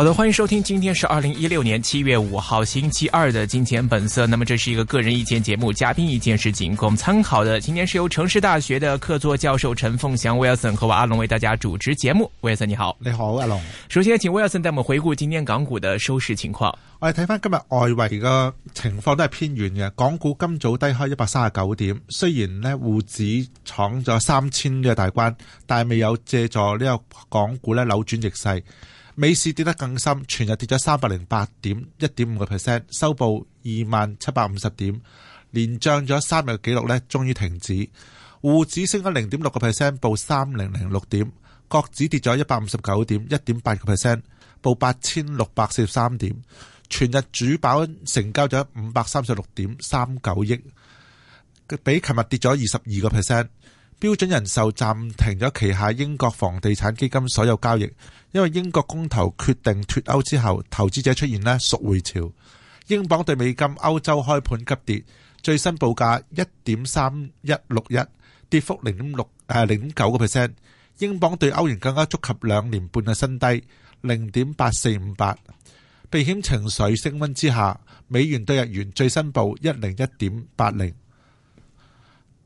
好的，歡迎收聽，今天是二零一六年七月五號星期二的金錢本色。那麼這是一個個人意見節目，嘉賓意見是僅供參考的。今天是由城市大學的客座教授陳鳳翔 Wilson 和我阿龍為大家主持節目。Wilson 你好，你好阿龍。首先請 Wilson 帶我們回顧今天港股的收市情況。我哋睇翻今日外圍嘅情況都係偏遠嘅，港股今早低開一百三十九點，雖然呢，滬指闖咗三千嘅大關，但係未有借助呢個港股咧扭轉逆勢。美市跌得更深，全日跌咗三百零八點，一點五個 percent，收報二萬七百五十點，連漲咗三日嘅紀錄呢，終於停止。滬指升咗零點六個 percent，報三零零六點；國指跌咗一百五十九點，一點八個 percent，報八千六百四十三點。全日主板成交咗五百三十六點三九億，比琴日跌咗二十二個 percent。標準人壽暫停咗旗下英國房地產基金所有交易，因為英國公投決定脫歐之後，投資者出現咧贖回潮。英鎊對美金歐洲開盤急跌，最新報價一點三一六一，跌幅零點六誒零點九個 percent。英鎊對歐元更加觸及兩年半嘅新低零點八四五八。避險情緒升溫之下，美元對日元最新報一零一點八零。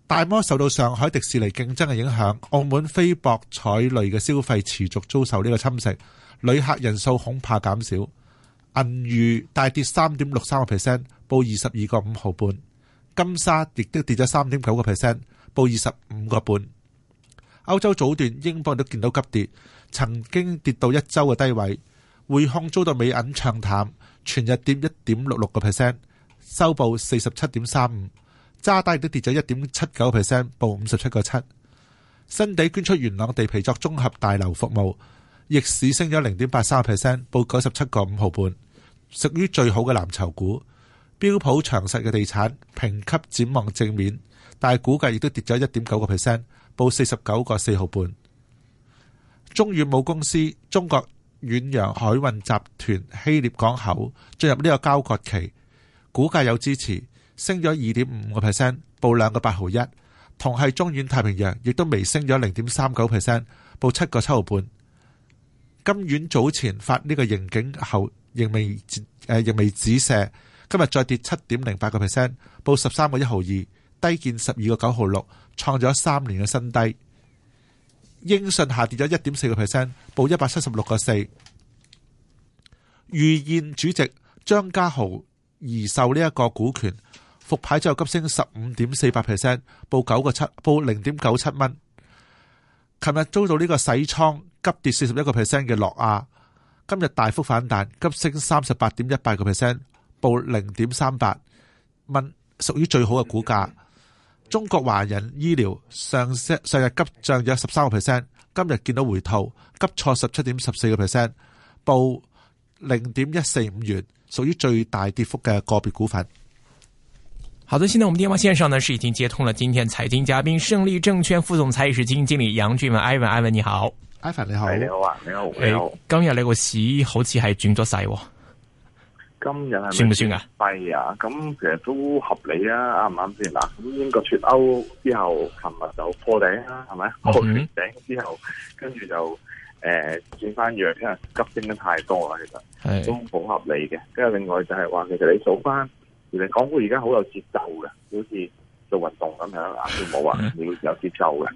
大摩受到上海迪士尼競爭嘅影響，澳門非博彩類嘅消費持續遭受呢個侵蝕，旅客人數恐怕減少。銀娛大跌三點六三個 percent，報二十二個五毫半。金沙亦都跌咗三點九個 percent，報二十五個半。歐洲早段，英鎊都見到急跌，曾經跌到一周嘅低位。匯控遭到美銀唱淡，全日跌一點六六個 percent，收報四十七點三五。渣打都跌咗一點七九 percent，報五十七個七。新地捐出元朗地皮作綜合大樓服務，逆市升咗零點八三 percent，報九十七個五毫半，屬於最好嘅藍籌股。標普長實嘅地產評級展望正面，但係估計亦都跌咗一點九個 percent，報四十九個四毫半。中遠母公司中國遠洋海運集團希臘港口進入呢個交割期，股價有支持。升咗二點五五個 percent，報兩個八毫一。同係中遠太平洋，亦都微升咗零點三九 percent，報七個七毫半。金苑早前發呢個盈警後，仍未誒、呃，仍未止瀉。今日再跌七點零八個 percent，報十三個一毫二，低見十二個九毫六，創咗三年嘅新低。英信下跌咗一點四個 percent，報一百七十六個四。御燕主席張家豪易售呢一個股權。復牌之後急升十五點四八 percent，報九個七，報零點九七蚊。琴日遭到呢個洗倉急跌四十一個 percent 嘅諾亞，今日大幅反彈急升三十八點一八個 percent，報零點三八蚊，屬於最好嘅股價。中國華仁醫療上上日急漲咗十三個 percent，今日見到回吐急挫十七點十四個 percent，報零點一四五元，屬於最大跌幅嘅個別股份。好的，現在我們電話綫上呢是已經接通了。今天財經嘉賓，勝利證券副總裁也是基經，經理楊俊文艾文，艾文，你好艾 v 你好，你好啊，你好，你好。哎、今日你個市好似係轉咗勢，今日算唔算啊？係啊，咁其實都合理啊，啱唔啱先嗱？咁個脫歐之後，琴日就破頂啦、啊，係咪？破完頂之後，跟住就誒轉翻弱，因為急升得太多啦，其實係都好合理嘅。跟住另外就係話，其實你早翻。港股而家好有節奏嘅，好似做運動咁樣，啞啞跳舞要有節奏嘅。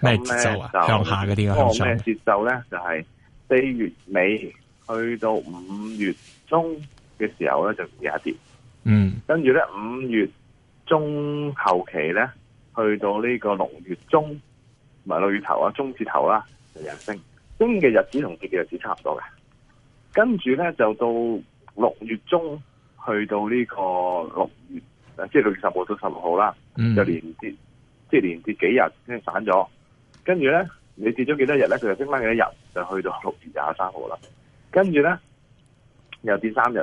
咩 節奏啊？向下啲嘅咩節奏咧？就係四月尾去到五月中嘅時候咧，就日跌。嗯。跟住咧，五月中後期咧，去到呢個六月中，唔係六月頭啊，中字頭啦，就日升。升嘅日子同跌嘅日子差唔多嘅。跟住咧，就到六月中。去到呢個六月，誒、就是，即係六月十號到十六號啦，就連跌，即、就、係、是、連跌幾日，即係散咗。跟住咧，你跌咗幾多日咧，佢就升返幾多日，就去到六月廿三號啦。跟住咧又跌三日，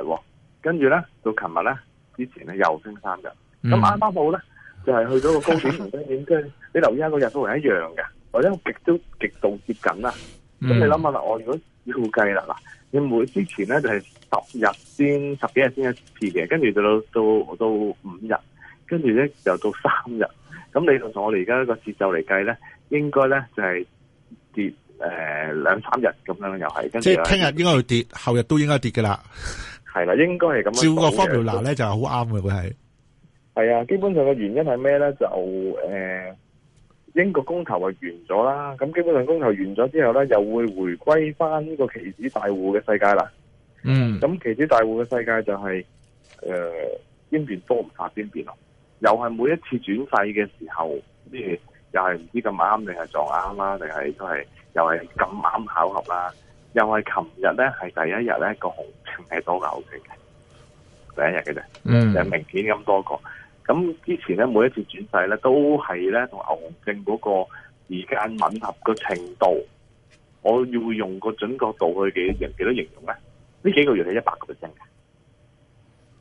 跟住咧到琴日咧之前咧又升三日。咁啱啱好咧就係、是、去到個高點同低點，即 你留意一下個日都係一樣嘅，或者極都極度接近啦。咁、mm. 你諗下啦，我如果～要計啦嗱，你每之前咧就係十日先，十幾日先一次嘅，跟住就到到到五日，跟住咧就到三日。咁你同我哋而家個節奏嚟計咧，應該咧就係跌誒兩三日咁樣又係。跟住即係聽日應該會跌，後日都應該跌㗎啦。係啦，應該係咁樣。照個 formula 咧就係好啱嘅會係。係啊，基本上個原因係咩咧？就誒。英國公投係完咗啦，咁基本上公投完咗之後咧，又會回歸翻呢個期指大戶嘅世界啦。嗯，咁期指大戶嘅世界就係誒邊邊都唔發邊邊咯，又係每一次轉勢嘅時候，即係又係唔知咁啱定係撞啱啦，定係都係又係咁啱巧合啦，又係琴日咧係第一日咧個熊情係多牛皮嘅第一日嘅啫，嗯，就係明顯咁多個。咁之前咧，每一次轉勢咧，都係咧同牛熊證嗰個時間吻合嘅程度，我要用個準確度去幾幾多形容咧？呢幾個月係一百個 percent 嘅，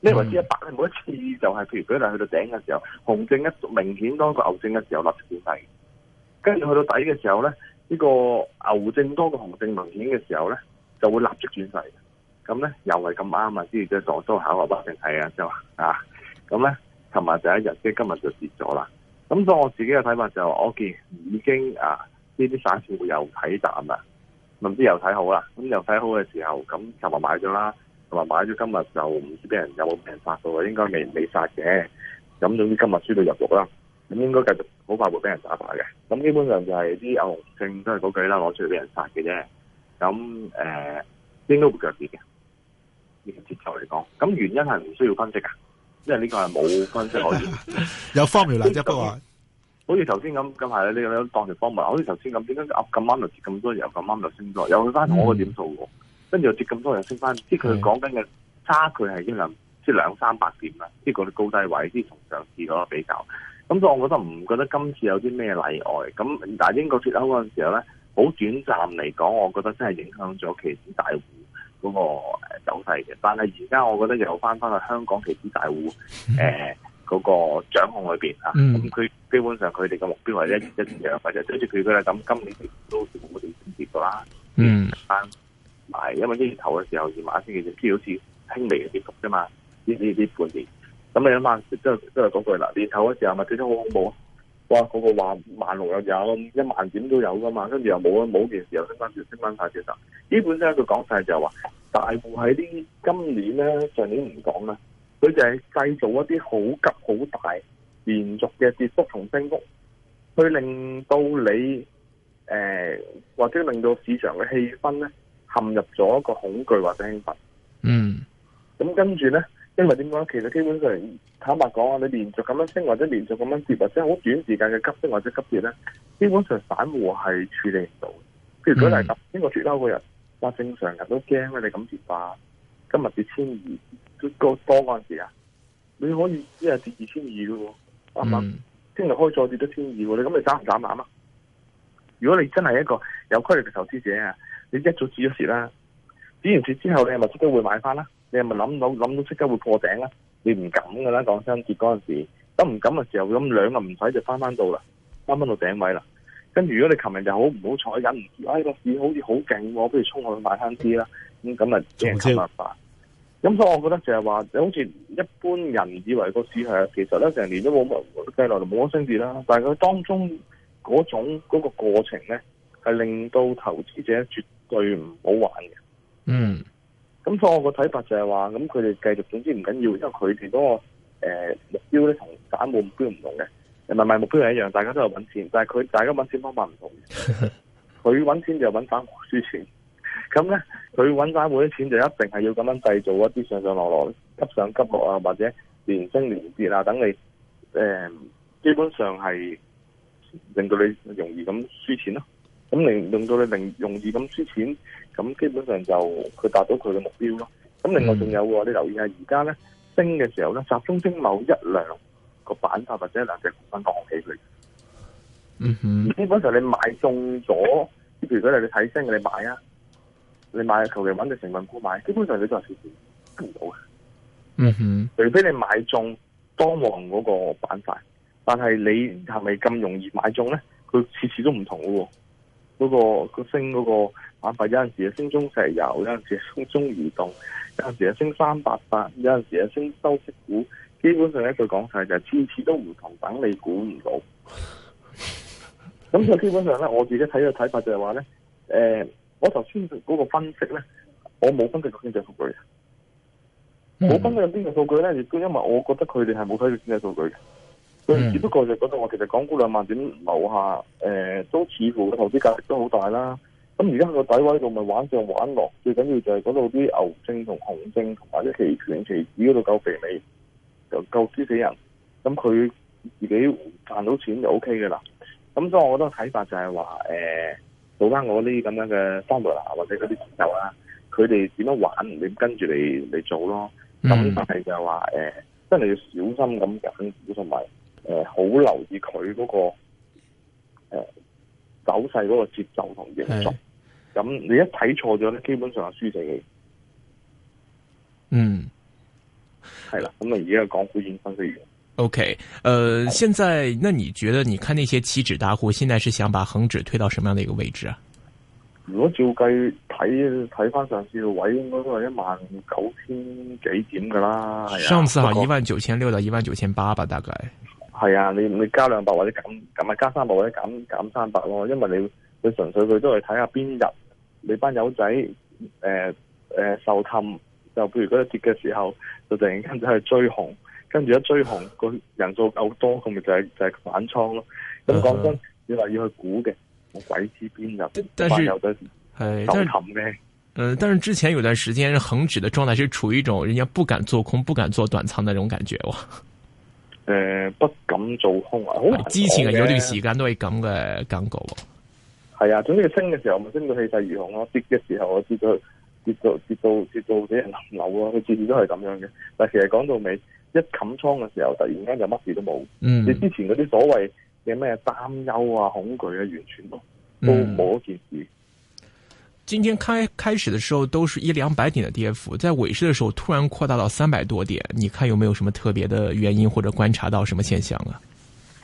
咩意思？一百咧，每一次就係、是、譬如佢一去到頂嘅時候，熊證一明顯多過牛證嘅時候，立即轉勢；跟住去到底嘅時候咧，呢、這個牛證多過熊證明顯嘅時候咧，就會立即轉勢。咁咧又係咁啱啊！即係在所考慮，一定係啊，即係話啊，咁咧。琴日第一日，即係今日就跌咗啦。咁所以我自己嘅睇法就，我見已經啊呢啲散戶會有睇淡啦，唔知又睇好啦。咁又睇好嘅時候，咁琴日買咗啦，同埋買咗今日就唔知俾人有冇俾人殺到啊？應該未未殺嘅。咁總之今日輸到入肉啦，咁應該繼續好快會俾人打牌嘅。咁基本上就係啲流動性都係嗰句啦，攞出去俾人殺嘅啫。咁誒、呃，應該會跌嘅呢個節奏嚟講。咁原因係唔需要分析因為呢個係冇分析可以 有方苗例子不過好像，好似頭先咁咁係咧，你當住方苗，好似頭先咁，點解咁啱就跌咁多又，咁啱就升咗？又去翻、嗯、我個點數喎，跟住又跌咁多又升翻，即係佢講緊嘅差距係一兩，即係兩三百點啦，即係啲高低位，即係同上次嗰個比較。咁所以我覺得唔覺得今次有啲咩例外？咁但係英國脫歐嗰陣時候咧，好短暫嚟講，我覺得真係影響咗期指大戶。嗰、嗰個走勢嘅，但係而家我覺得又返返去香港投資大戶誒嗰個掌控裏邊啊，咁、嗯、佢基本上佢哋嘅目標一致一致一致或者一一年嘅目標就追住佢佢嚟咁，今年都冇冇點跌㗎啦。嗯，翻，係因為一年頭嘅時候而二萬一千幾，好似輕微嘅跌幅啫嘛，呢呢半年，咁你諗下，即係即係講句啦，年頭嘅時候咪跌得好恐怖啊！哇！嗰個話萬六又有，一萬點都有噶嘛。跟住又冇啊冇件事。又升翻住，升翻晒住就，基本上佢講晒就話，大戶喺啲今年咧，上年唔講啦，佢就係製造一啲好急好大連續嘅跌幅同升幅，去令到你誒、呃、或者令到市場嘅氣氛咧陷入咗一個恐懼或者興奮。嗯，咁、嗯、跟住咧。因為點講咧，其實基本上坦白講啊，你連續咁樣升或者連續咁樣跌或者好短時間嘅急升或者急跌咧，基本上散戶係處理唔到。譬如舉例，咁呢個脱勾日，因為我的人，哇！正常人都驚啊，你咁跌啊，今日跌千二，咁多嗰陣時啊，你可以一日跌二千二嘅，啱唔啱？聽、啊、日開再跌得千二，你咁咪斬唔斬碼啊？如果你真係一個有規律嘅投資者啊，你一早止咗蝕啦，止完蝕之後你係咪亦都會買翻啦？你係咪諗到諗到即刻會破頂啊？你唔敢噶啦，講升跌嗰陣時，得唔敢嘅時候，咁兩日就唔使就返返到啦，返返到頂位啦。跟住如果你琴日就好唔好彩忍唔住，唉、哎，個市好似好勁，不如衝去買返啲啦。咁咁啊，正麻煩。咁所以我覺得就係話，好似一般人以為個市係，其實咧成年都冇乜計落就冇乜升跌啦。但係佢當中嗰種嗰、嗰個過程咧，係令到投資者絕對唔好玩嘅。嗯。咁所以我個睇法就係話，咁佢哋繼續，總之唔緊要，因為佢哋嗰個誒目標咧同散戶目標唔同嘅，買賣目標係一樣，大家都係揾錢，但係佢大家揾錢方法唔同，佢揾錢就揾翻輸錢，咁咧佢揾翻每啲錢就一定係要咁樣製造一啲上上落落、急上急落啊，或者連升連跌啊，等你誒、呃、基本上係令到你容易咁輸錢咯。咁令令到你容易咁輸錢，咁基本上就佢達到佢嘅目標咯。咁另外仲有、mm -hmm. 你留意下，而家咧升嘅時候咧，集中升某一兩個板塊或者兩隻股份盪起佢。嗯哼，基本上你買中咗，譬如如果你睇升嘅你買啊，你買求其搵隻成分股買，基本上你都係少少唔到嘅。嗯哼，mm -hmm. 除非你買中當旺嗰個板塊，但係你係咪咁容易買中咧？佢次次都唔同嘅喎。嗰、那個個升嗰個玩法，有陣時啊升中石油，有陣時升中移動，有陣時啊升三百八，有陣時啊升收息股，基本上咧一句講晒就係次次都唔同，等你估唔到。咁就基本上咧，我自己睇嘅睇法就係話咧，誒、欸，我頭先嗰個分析咧，我冇分析、mm. 個經濟數據嘅，冇分析有邊個數據咧亦都，因為我覺得佢哋係冇睇到經濟數據嘅。Mm -hmm. 只不過就覺得我其實港股兩萬點樓下，誒、呃、都似乎嘅投資價值都好大啦。咁而家喺個底位度咪玩上玩落，最緊要就係嗰度啲牛證同熊證同埋啲期權期指嗰度夠肥美，又夠輸死人。咁佢自己賺到錢就 O K 嘅啦。咁所以我覺得睇法就係話誒，做翻我啲咁樣嘅三 o r 或者嗰啲節奏啦，佢哋點樣玩，你跟住你嚟做咯。咁但係就話誒，真、呃、係要小心咁揀，同埋。誒、呃，好留意佢嗰、那個誒、呃、走勢嗰個節奏同運作。咁、哎、你一睇錯咗咧，基本上係輸死你。嗯，係啦。咁啊，而家講股現講分析源。O K，誒，現在，那你覺得，你看那些期指大戶，現在是想把恒指推到什麼樣的一個位置啊？如果照計睇睇翻上次個位，應該都係一萬九千幾點噶啦。上次好一萬九千六到一萬九千八吧，大概。係啊，你你加兩百或者減減咪加三百或者減減三百咯，因為你佢純粹佢都係睇下邊日你班友仔誒誒受冚，就譬如嗰日跌嘅時候，就突然間就去追紅，跟住一追紅個人數夠多，咁咪就係、是、就係、是、反倉咯。咁講真，你、嗯、話要去估嘅，我鬼知邊日班友仔受冚嘅。嗯、呃，但係之前有段時間恒指嘅狀態係處於一種人家不敢做空、不敢做短倉那種感覺哇。誒、呃，不敢做空啊！好，之前有段時間都係咁嘅感覺，係啊。總之佢升嘅時候咪升到氣勢如虹咯、啊，跌嘅時候我跌到跌到跌到跌到俾人冧樓啊佢次次都係咁樣嘅。但係其實講到尾，一冚倉嘅時候，突然間就乜事都冇。嗯，你之前嗰啲所謂嘅咩擔憂啊、恐懼啊，完全都都冇一件事。嗯今天開開始的時候都是一兩百點的跌幅，在尾市的時候突然擴大到三百多點，你看有沒有什麼特別的原因，或者觀察到什麼現象啊？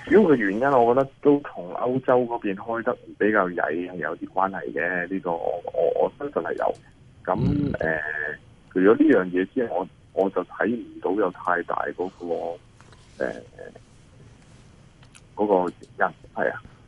主要嘅原因，我覺得都同歐洲嗰邊開得比較曳係有啲關係嘅，呢個我我我相信係有。咁誒，除咗呢樣嘢之外，我我就睇唔到有太大嗰個誒呃嗰個原因，係啊。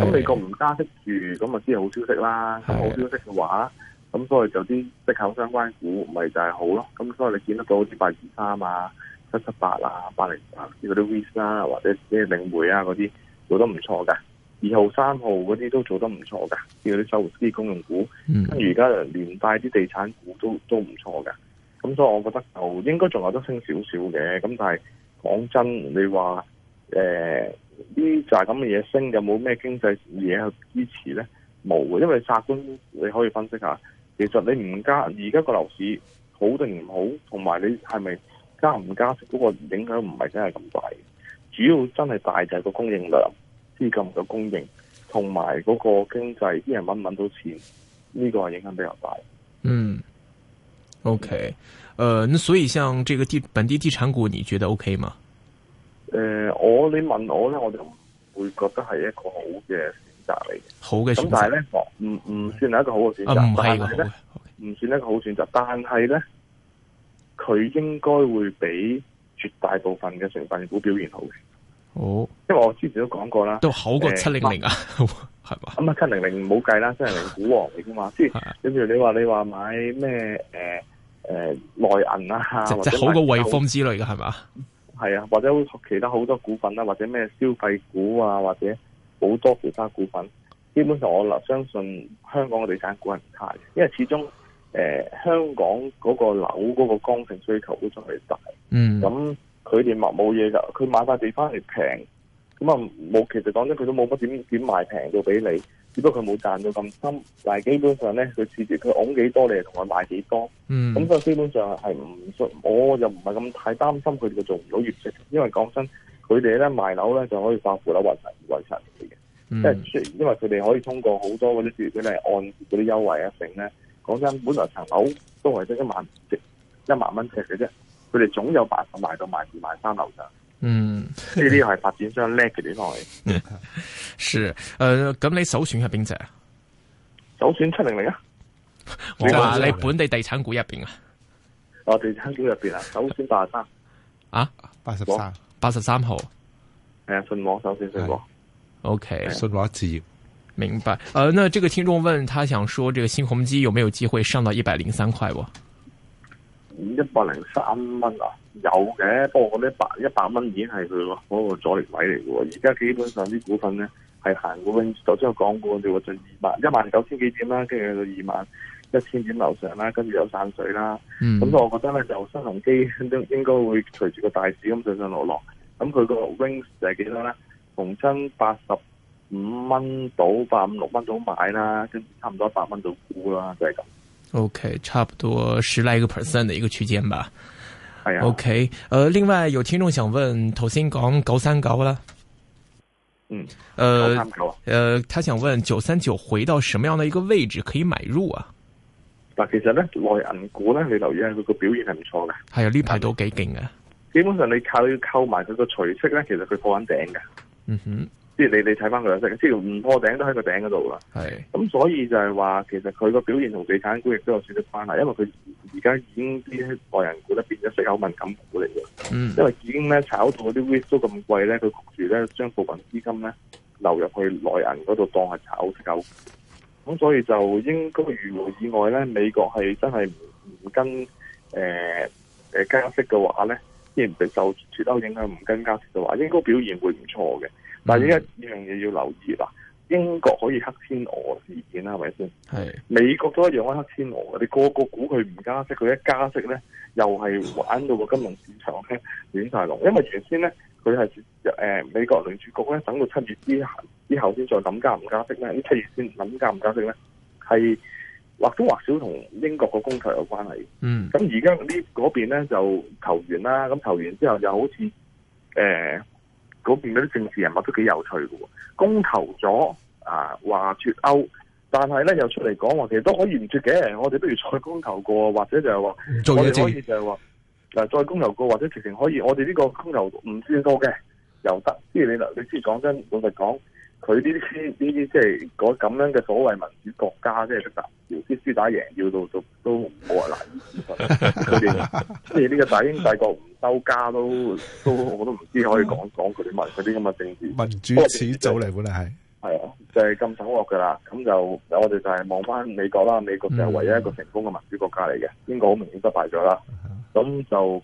咁美國唔加息住，咁啊先好消息啦。咁好消息嘅話，咁所以就啲息口相關股，咪就係好咯。咁所以你見得到好似八二三啊、七七八啊、八零八啲嗰啲 w i s k 啦，或者咩領匯啊嗰啲，做得唔錯㗎。二號三號嗰啲都做得唔錯㗎，啲嗰啲收活啲公用股，嗯、跟住而家連帶啲地產股都都唔錯㗎。咁所以我覺得就應該仲有得升少少嘅。咁但係講真，你話誒？欸呢啲就係咁嘅嘢升，有冇咩經濟嘢去支持咧？冇嘅，因為法官你可以分析下，其實你唔加而家個樓市好定唔好，同埋你係咪加唔加息嗰、那個影響唔係真係咁大。主要真係大就係個供應量資金嘅供應，同埋嗰個經濟啲人搵唔搵到錢，呢、這個係影響比較大。嗯，OK，誒、呃，那所以像這個地本地地產股，你覺得 OK 嗎？誒、呃，我你問我咧，我就唔會覺得係一個好嘅選擇嚟嘅。好嘅，選擇係咧，唔唔算係一個好嘅選擇。唔係唔算一個好選擇。但係咧，佢應該會比絕大部分嘅成分股表現好嘅。好，因為我之前都講過啦，都好過七零零啊，係、呃、嘛。咁啊，七零零唔好計啦，真係股王嚟噶嘛。即 係，跟住你話你話買咩誒誒內銀啊，即係好過匯豐之類嘅係嘛。啊係啊，或者其他好多股份啦，或者咩消費股啊，或者好多其他股份，基本上我嗱相信香港嘅地產股係唔差嘅，因為始終誒、呃、香港嗰個樓嗰個剛性需求都仲係大，嗯、mm.，咁佢哋咪冇嘢就佢買塊地翻嚟平，咁啊冇，其實講真佢都冇乜點點賣平到俾你。只不過佢冇賺到咁深，但係基本上咧，佢次接佢供幾多，你又同佢賣幾多，咁所以基本上係唔信。我就唔係咁太擔心佢哋做唔到月息，因為講真，佢哋咧賣樓咧就可以放負樓或賺二成差嘅，即係因為佢哋、嗯、可以通過好多嗰啲月息咧按嗰啲優惠啊成咧，講真本來層樓都係得一萬一萬蚊尺嘅啫，佢哋總有辦法賣到賣二萬三樓上。嗯，呢啲係發展商叻嘅地方嚟。是，誒、呃，咁你首選係邊隻？首選七零零啊？我 話你本地地產股入邊啊。哦，地產股入邊啊，首選八十三。啊？八十三？八十三號。誒、啊，信和，首、okay，先、啊、信和。O K。信和置業，明白。誒、呃，那這個聽眾問他想說，這個新鴻基有沒有機會上到一百零三塊？喎？一百零三蚊啊。有嘅，不過我覺得一百蚊已經係佢嗰個阻力位嚟嘅，而家基本上啲股份咧係行過 range，頭先我講過叫個最二萬一萬九千幾點啦，跟住去到二萬一千點樓上啦，跟住有散水啦。咁、嗯、我覺得咧就新鴻基都應該會隨住個大市咁上上落落。咁佢個 range 就係幾多咧？逢親八十五蚊到八五六蚊到買啦，跟住差唔多一百蚊到沽啦，就係、是、咁。OK，差唔多十嚟個 percent 嘅一個區間吧。係啊，OK，誒、呃，另外有聽眾想問，頭先講九三九啦，嗯，誒，三九，誒、呃，他想問九三九回到什麼樣的一個位置可以買入啊？嗱，其實咧，內銀股咧，你留意下佢個表現係唔錯嘅，係啊，呢排都幾勁啊！基本上你靠要扣埋佢個除息咧，其實佢破緊頂嘅，嗯哼。你你睇翻佢兩隻，即係唔破頂都喺個頂嗰度啦。係、嗯嗯，咁所以就係話，其實佢個表現同地產股亦都有少少關係，因為佢而家已經啲內銀股咧變咗息口敏感股嚟嘅。嗯，因為已經咧炒到啲 whisk 咁貴咧，佢焗住咧將部分資金咧流入去內銀嗰度當係炒手。咁所以就應該如無意外咧，美國係真係唔跟誒誒、呃呃、加息嘅話咧，亦唔受脱歐影響唔跟加息嘅話，應該表現會唔錯嘅。但係依家呢樣嘢要留意啦，英國可以黑天鵝事件啦，係咪先？係美國都一樣可以黑天鵝，你個個估佢唔加息，佢一加息咧，又係玩到個金融市場咧亂晒龍。因為原先咧，佢係誒美國聯儲局咧等到七月之之後先再諗加唔加息咧，喺七月先諗加唔加息咧，係或多或少同英國個供求有關係。嗯，咁而家呢嗰邊咧就投完啦，咁投完之後又好似誒。呃嗰邊嗰啲政治人物都幾有趣嘅喎，公投咗啊，話脱歐，但係咧又出嚟講話，其實都可以唔脱嘅。我哋不如再公投過，或者就係話，我哋可以就係、是、話，嗱再公投過，或者直情可以。我哋呢個公投唔算多嘅，又得。即係你嗱，你先講真，我嚟講。佢呢啲呢啲即係嗰咁樣嘅所謂民主國家，即係出大招，啲輸打贏要到都都冇話難以置信。佢哋即係呢個大英帝國唔收家都都，我都唔知可以講講佢啲民佢啲咁嘅政治民主始祖嚟本嚟係係啊，就係咁醜惡噶啦。咁就我哋就係望翻美國啦，美國就係唯一一個成功嘅民主國家嚟嘅、嗯，英國好明顯失敗咗啦。咁就。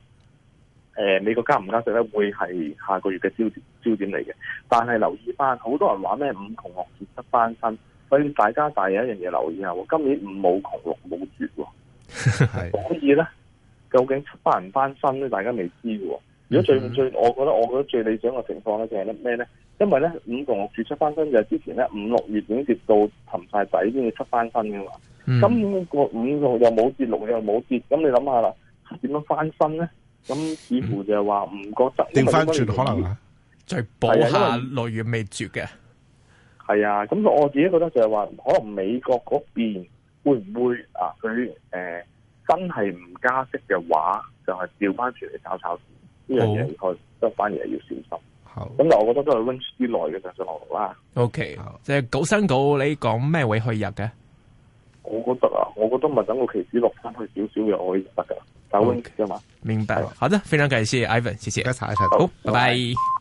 誒、呃，美國加唔加息咧，會係下個月嘅焦點焦點嚟嘅。但係留意翻，好多人話咩五窮六絕七翻身，所以大家大有一樣嘢留意下，今年五冇窮六冇絕， 所以咧，究竟七翻唔翻身咧，大家未知嘅。如果最、mm -hmm. 最，我覺得我覺得最理想嘅情況咧，就係咩咧？因為咧，五窮六絕七翻身，就係之前咧五六月已經跌到沉晒底，先至七翻身嘅嘛。Mm -hmm. 今年個五窮又冇跌，六又冇跌，咁你諗下啦，點樣翻身咧？咁似乎就係話唔覺得，調翻轉可能就係保下，啊、六月未絕嘅。係啊，咁我自己覺得就係話，可能美國嗰邊會唔會啊？佢誒、呃、真係唔加息嘅話，就係調翻轉嚟，炒炒市呢樣嘢，去得反而要小心。咁但係我覺得都係 range 之內嘅正常範圍啦。O K，即係九三九，你、就是、講咩位去入嘅？我覺得啊，我覺得咪等個期指落翻去少少又可以入得噶。再問一下、嗯、嗎？明白了，好的，非常感謝，Ivan，謝謝，再查，再查、oh, 拜拜。Okay.